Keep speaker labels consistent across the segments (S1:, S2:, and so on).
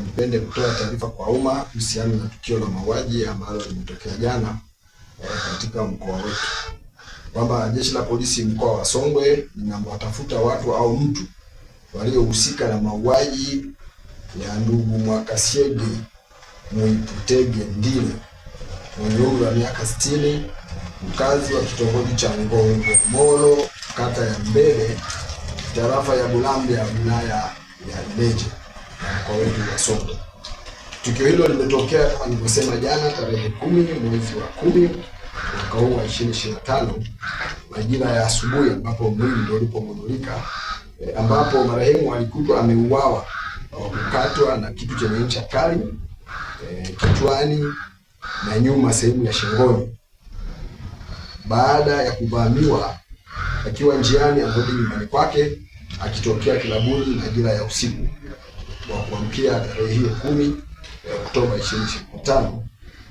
S1: mpende kutoa taarifa kwa umma kuhusiana na tukio la mauaji ambalo limetokea jana eh, katika mkoa wetu, kwamba jeshi la polisi mkoa wa Songwe linawatafuta watu au mtu waliohusika na mauaji ya ndugu Mwakasyege Mwiputege Ndile mwenye umri wa miaka sitini, mkazi wa kitongoji cha Ngongomoro, kata ya Mbele, tarafa ya ya wilaya ya Ileje kwa wengi wa soko. Tukio hilo limetokea kama nilivyosema jana, tarehe kumi mwezi wa kumi mwaka huu wa 2025 majira ya asubuhi, ambapo mwili ndio ulipogundulika, e, eh, ambapo marehemu alikutwa ameuawa kwa kukatwa na kitu chenye ncha kali e, kichwani na nyuma sehemu ya shingoni baada ya kuvamiwa akiwa njiani arudi nyumbani kwake akitokea kilabuni majira ya usiku wa kuamkia tarehe hiyo kumi eh, Oktoba ishirini na tano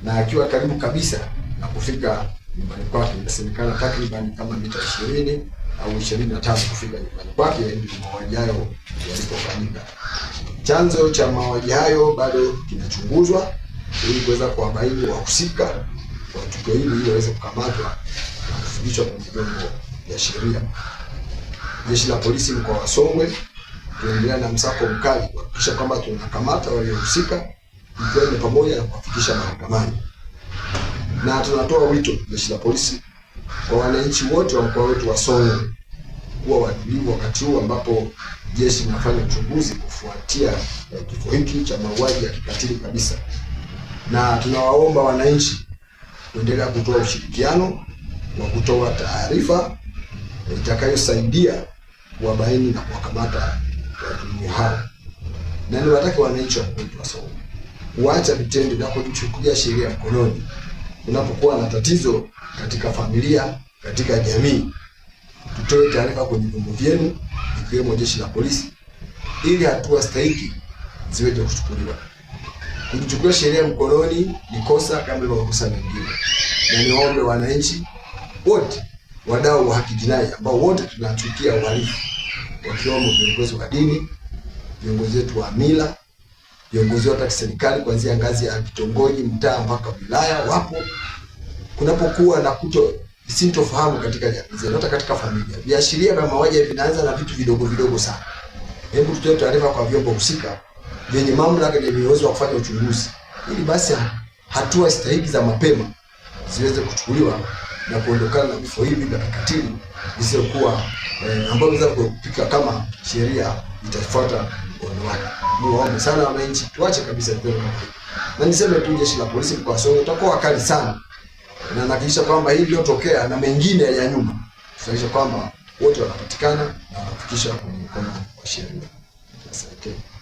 S1: na akiwa karibu kabisa na kufika nyumbani kwake, inasemekana takriban kama mita ishirini au ishirini na tano kufika nyumbani kwake ndio yaani mauaji hayo yalipofanyika. Chanzo cha mauaji hayo bado kinachunguzwa ili kuweza kuwabaini wahusika wa tukio hili ili waweze kukamatwa na kufikishwa kwenye vyombo vya sheria. Jeshi la polisi mkoa wa Songwe tunaendelea na msako mkali kuhakikisha kwamba tunakamata waliohusika, ikiwa pamoja na kuwafikisha mahakamani, na tunatoa wito jeshi la polisi kwa wananchi wote wa mkoa wetu wa Songwe kuwa watulivu wakati huu ambapo jeshi linafanya uchunguzi kufuatia kifo hiki cha mauaji ya kikatili kabisa, na tunawaomba wananchi kuendelea kutoa ushirikiano wa kutoa taarifa itakayosaidia kuwabaini na kuwakamata kuwatumia haya, na niwataka wananchi wa Burundi wasome, waacha vitendo vya kuchukulia sheria mkononi unapokuwa na tatizo katika familia, katika jamii. Tutoe taarifa kwenye vyombo vyenu ikiwemo jeshi la polisi, ili hatua stahiki ziweze kuchukuliwa. Kuchukua sheria mkononi ni kosa kama ile makosa mengine, na niombe wananchi wote, wadau wa haki jinai, ambao wote tunachukia uhalifu wakiwamo viongozi wa dini, viongozi wetu wa mila, viongozi wa serikali kuanzia ngazi ya vitongoji, mtaa mpaka wilaya wapo. Kunapokuwa na kuto sintofahamu katika jamii zetu, hata katika familia, viashiria vya mauaji vinaanza na vitu vidogo vidogo sana. Hebu tutoe taarifa kwa vyombo husika vyenye mamlaka na uwezo wa kufanya uchunguzi, ili basi hatua stahiki za mapema ziweze kuchukuliwa na kuondokana na vifo hivi vya kikatili isiyokuwa eh, ambayo inaweza kupika kama sheria itafuata mkondo wake. Niwaombe sana wananchi, tuache kabisa vitendo kama hivi, na niseme tu jeshi la polisi kwa sababu utakuwa wakali sana, na nahakikisha kwamba hii iliyotokea na mengine ya nyuma tutahakikisha kwamba wote wanapatikana na wanafikisha kwenye mkono wa sheria. Asante.